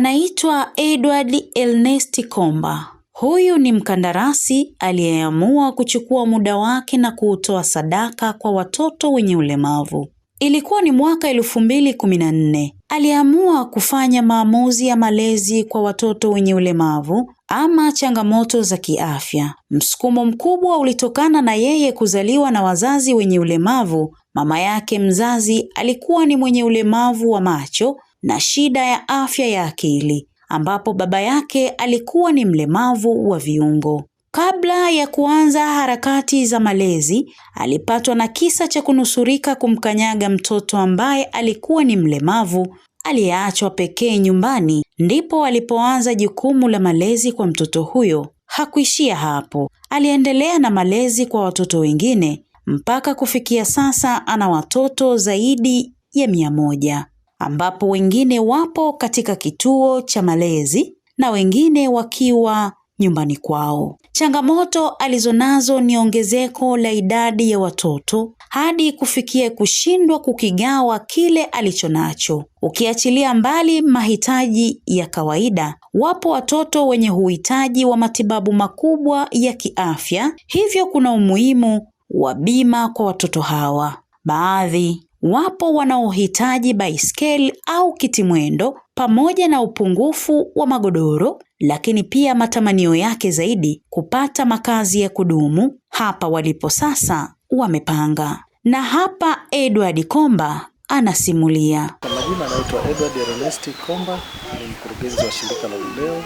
Anaitwa Edward Ernest Komba. Huyu ni mkandarasi aliyeamua kuchukua muda wake na kuutoa sadaka kwa watoto wenye ulemavu. Ilikuwa ni mwaka elfu mbili kumi na nne. Aliamua kufanya maamuzi ya malezi kwa watoto wenye ulemavu ama changamoto za kiafya. Msukumo mkubwa ulitokana na yeye kuzaliwa na wazazi wenye ulemavu. Mama yake mzazi alikuwa ni mwenye ulemavu wa macho na shida ya afya ya akili ambapo baba yake alikuwa ni mlemavu wa viungo. Kabla ya kuanza harakati za malezi, alipatwa na kisa cha kunusurika kumkanyaga mtoto ambaye alikuwa ni mlemavu aliyeachwa pekee nyumbani, ndipo alipoanza jukumu la malezi kwa mtoto huyo. Hakuishia hapo, aliendelea na malezi kwa watoto wengine mpaka kufikia sasa ana watoto zaidi ya mia moja ambapo wengine wapo katika kituo cha malezi na wengine wakiwa nyumbani kwao. Changamoto alizonazo ni ongezeko la idadi ya watoto hadi kufikia kushindwa kukigawa kile alichonacho. Ukiachilia mbali mahitaji ya kawaida, wapo watoto wenye uhitaji wa matibabu makubwa ya kiafya, hivyo kuna umuhimu wa bima kwa watoto hawa. Baadhi Wapo wanaohitaji baiskeli au kitimwendo pamoja na upungufu wa magodoro, lakini pia matamanio yake zaidi kupata makazi ya kudumu hapa walipo sasa wamepanga. Na hapa Edward Komba anasimulia. Kwa majina anaitwa Edward Ernest Komba, ni mkurugenzi wa shirika la Uleo.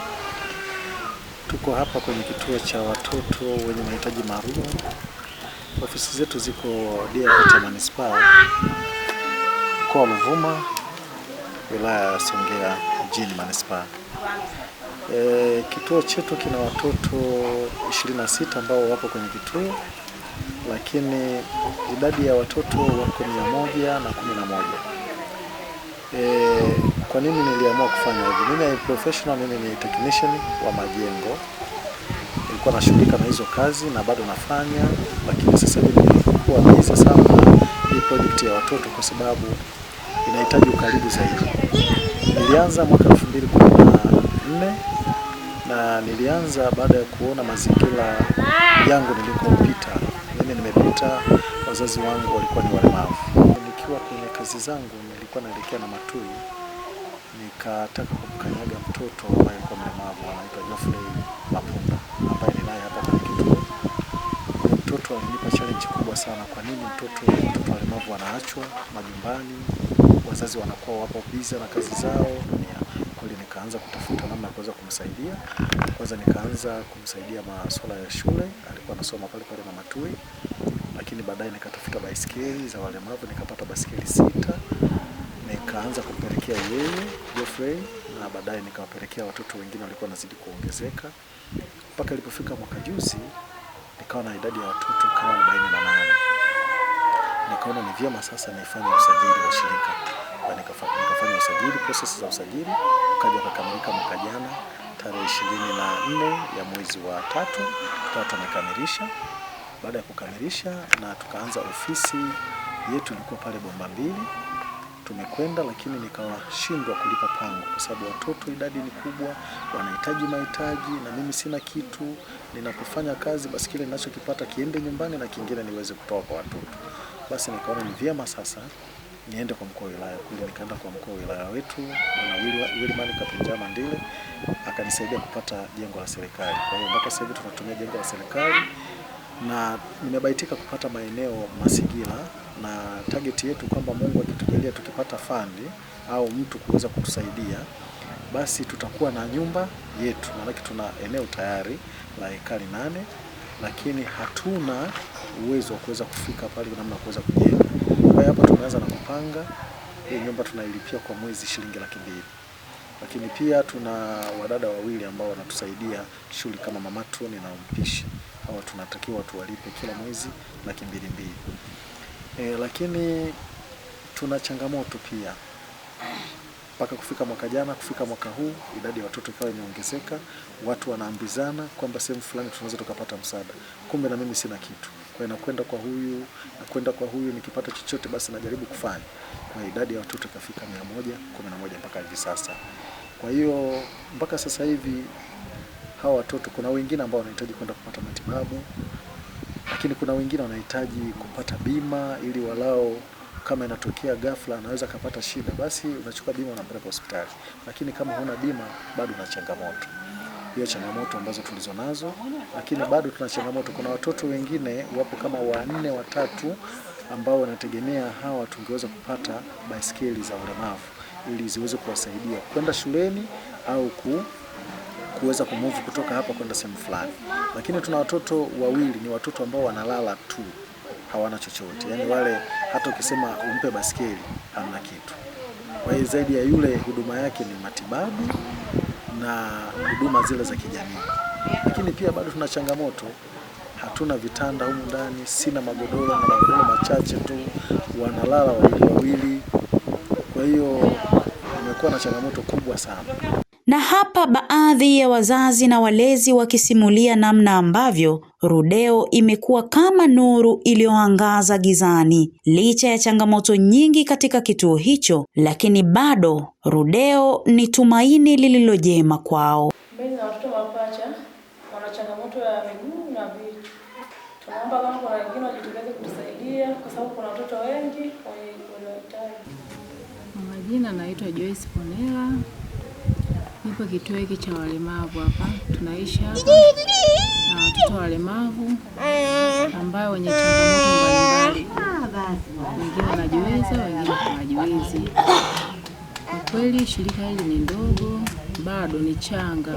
Tuko hapa kwenye kituo cha watoto wenye mahitaji maalum Ofisi zetu ziko DRT manispaa, mkoa wa Ruvuma, wilaya ya Songea mjini manispaa. E, kituo chetu kina watoto 26 ambao wako kwenye kituo, lakini idadi ya watoto wako mia moja na kumi na moja. E, kwa nini niliamua kufanya hivi? Mimi ni professional, mimi ni technician wa majengo nilikuwa nashughulika na hizo kazi na bado nafanya, lakini sasa hivi nimekuwa busy sana hii project ya watoto kwa sababu inahitaji ukaribu zaidi. Nilianza mwaka 2014 na nilianza baada ya kuona mazingira yangu nilikopita. Mimi nimepita, wazazi wangu walikuwa ni walemavu. Nikiwa kwenye kazi zangu nilikuwa naelekea na matui, nikataka kumkanyaga mtoto ambaye alikuwa mlemavu anaitwa Geoffrey Mapu naye hapa kwenye kituo. Mtoto alinipa challenge kubwa sana, kwa nini mtoto mtoto walemavu wanaachwa majumbani, wazazi wanakuwa wapo busy na kazi zao dunia. Kweli nikaanza kutafuta namna ya kuweza kumsaidia. Kwanza nikaanza kumsaidia masuala ya shule, alikuwa anasoma pale pale na Matui, lakini baadaye nikatafuta baisikeli za walemavu, nikapata baisikeli sita nikaanza kumpelekea yeye Geoffrey na baadaye nikawapelekea watoto wengine walikuwa wanazidi kuongezeka mpaka ilipofika mwaka juzi nikawa na idadi ya watoto kama arobaini na nane. Nikaona ni vyema sasa nifanye usajili wa shirika na nikafanya usajili, process za usajili ukaja ukakamilika mwaka jana tarehe ishirini na nne ya mwezi wa tatu tukawa tumekamilisha. Baada ya kukamilisha na tukaanza ofisi yetu ilikuwa pale Bomba Mbili tumekwenda, lakini nikawashindwa kulipa pango, kwa sababu watoto idadi ni kubwa, wanahitaji mahitaji na mimi sina kitu. Ninapofanya kazi, basi kile ninachokipata kiende nyumbani na kingine niweze kutoa kwa watoto. Basi nikaona ni vyema sasa niende kwa mkoa wa wilaya kule. Nikaenda kwa mkoa wa wilaya wetu Wilman Kapenjama Mandile, akanisaidia kupata jengo la serikali. Kwa hiyo mpaka sasa hivi tunatumia jengo la serikali na nimebaitika kupata maeneo Masigila na target yetu kwamba Mungu akitujalia tukipata fundi au mtu kuweza kutusaidia basi tutakuwa na nyumba yetu, maanake tuna eneo tayari la ekari nane, lakini hatuna uwezo wa kuweza kufika pale namna kuweza kujenga. Kwa hiyo hapa tumeanza na kupanga hii nyumba, tunailipia kwa mwezi shilingi laki mbili lakini pia tuna wadada wawili ambao wanatusaidia shughuli kama mamatoni na mpishi au tunatakiwa tuwalipe kila mwezi laki mbili mbili. E, lakini tuna changamoto pia mpaka kufika mwaka jana, kufika mwaka huu idadi ya watoto ikawa imeongezeka. Watu wanaambizana kwamba sehemu fulani tunaweza tukapata msaada, kumbe na mimi sina kitu, kwa hiyo nakwenda kwa huyu, nakwenda kwa huyu, nikipata chochote basi najaribu kufanya. Kwa idadi ya watoto ikafika mia moja kumi na moja mpaka hivi sasa. Kwa hiyo mpaka sasa hivi hawa watoto, kuna wengine ambao wanahitaji kwenda kupata matibabu, lakini kuna wengine wanahitaji kupata bima ili walao kama inatokea ghafla anaweza kapata shida, basi unachukua bima unampeleka hospitali. Lakini kama huna bima bado una changamoto hiyo, changamoto ambazo tulizo nazo, lakini bado tuna changamoto. Kuna watoto wengine wapo kama wanne watatu ambao wanategemea hawa, tungeweza kupata baisikeli za ulemavu ili ziweze kuwasaidia kwenda shuleni au ku kuweza kumove kutoka hapa kwenda sehemu fulani, lakini tuna watoto wawili, ni watoto ambao wanalala tu, hawana chochote. Yani wale hata ukisema umpe baskeli hamna kitu. Kwa hiyo zaidi ya yule, huduma yake ni matibabu na huduma zile za kijamii, lakini pia bado tuna changamoto hatuna vitanda humu ndani, sina magodoro na magodoro machache tu, wanalala wawili wawili. Kwa hiyo imekuwa na changamoto kubwa sana. Na hapa baadhi ya wazazi na walezi wakisimulia namna ambavyo Rudeo imekuwa kama nuru iliyoangaza gizani. Licha ya changamoto nyingi katika kituo hicho, lakini bado Rudeo ni tumaini lililojema kwao. Mbele na watoto mapacha, wana changamoto ya miguu na vitu. Tunaomba kama kuna wengine wajitokeze kutusaidia kwa sababu kuna watoto wengi wenye wanahitaji. Majina naitwa Joyce Ponela. Nipo kituo hiki cha walemavu hapa, tunaishi hapa na watoto walemavu ambao wenye changamoto mbalimbali, wengine wanajiweza, wengine hawajiwezi. Kwa kweli shirika hili ni ndogo, bado ni changa,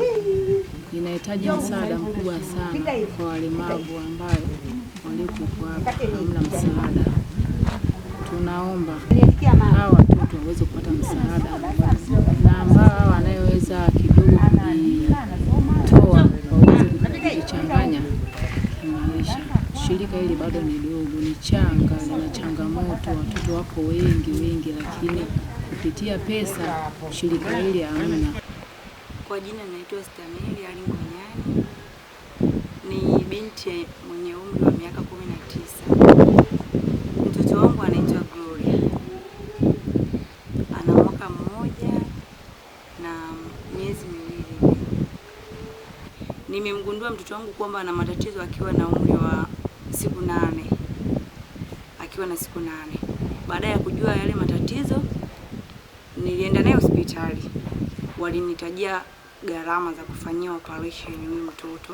inahitaji msaada mkubwa sana kwa walemavu ambayo walioko hapa hamna msaada. Tunaomba hawa wako wengi wengi, lakini kupitia pesa shirika hili hamna. Kwa jina naitwa Stamili Ali ni binti mwenye umri wa miaka kumi na tisa. Mtoto wangu anaitwa Gloria, ana mwaka mmoja na miezi miwili. Nimemgundua mtoto wangu kwamba ana matatizo akiwa na umri wa siku nane, akiwa na siku nane baada ya kujua yale matatizo, nilienda naye hospitali, walinitajia gharama za kufanyia operation huyu mtoto.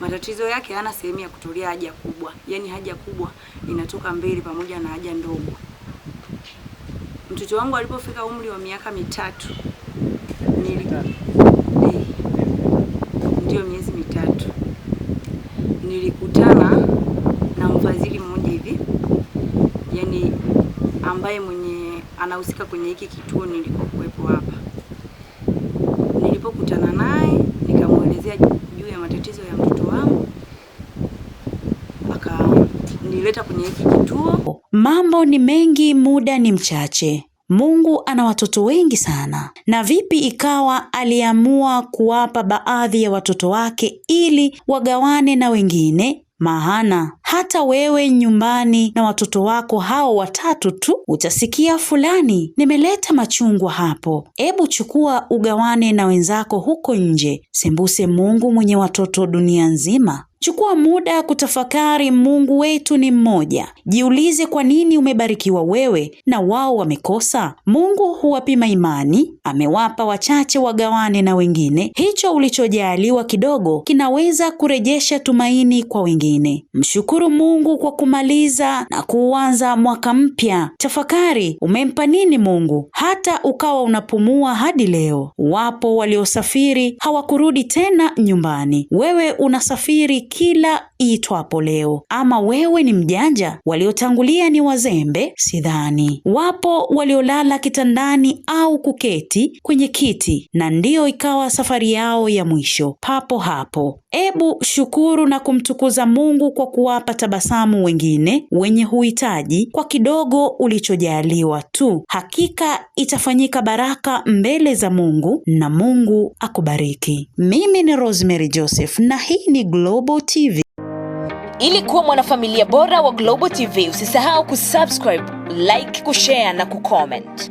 Matatizo yake hana sehemu ya kutolea haja kubwa, yaani haja kubwa inatoka mbele pamoja na haja ndogo. Mtoto wangu alipofika umri wa miaka mitatu nili eh, ndiyo miezi mitatu nilikutana na mfadhili ambaye mwenye anahusika kwenye hiki kituo nilipokuwepo hapa. Nilipokutana naye nikamwelezea juu ya matatizo ya mtoto wangu, akanileta kwenye hiki kituo. Mambo ni mengi, muda ni mchache. Mungu ana watoto wengi sana. Na vipi ikawa aliamua kuwapa baadhi ya watoto wake ili wagawane na wengine? Maana hata wewe nyumbani na watoto wako hao watatu tu utasikia fulani, nimeleta machungwa hapo, ebu chukua ugawane na wenzako huko nje. Sembuse Mungu mwenye watoto dunia nzima. Chukua muda kutafakari, Mungu wetu ni mmoja. Jiulize kwa nini umebarikiwa wewe na wao wamekosa. Mungu huwapima imani, amewapa wachache wagawane na wengine. Hicho ulichojaaliwa kidogo kinaweza kurejesha tumaini kwa wengine. Mshukuru Mungu kwa kumaliza na kuuanza mwaka mpya. Tafakari, umempa nini Mungu hata ukawa unapumua hadi leo? Wapo waliosafiri hawakurudi tena nyumbani, wewe unasafiri kila itwapo leo. Ama wewe ni mjanja? Waliotangulia ni wazembe? Sidhani. Wapo waliolala kitandani au kuketi kwenye kiti na ndiyo ikawa safari yao ya mwisho papo hapo. Ebu shukuru na kumtukuza Mungu kwa kuwapa tabasamu wengine wenye huhitaji kwa kidogo ulichojaliwa tu. Hakika itafanyika baraka mbele za Mungu na Mungu akubariki. Mimi ni Rosemary Joseph na hii ni Global TV. Ili kuwa mwanafamilia bora wa Global TV, usisahau kusubscribe, like, kushare na kucomment.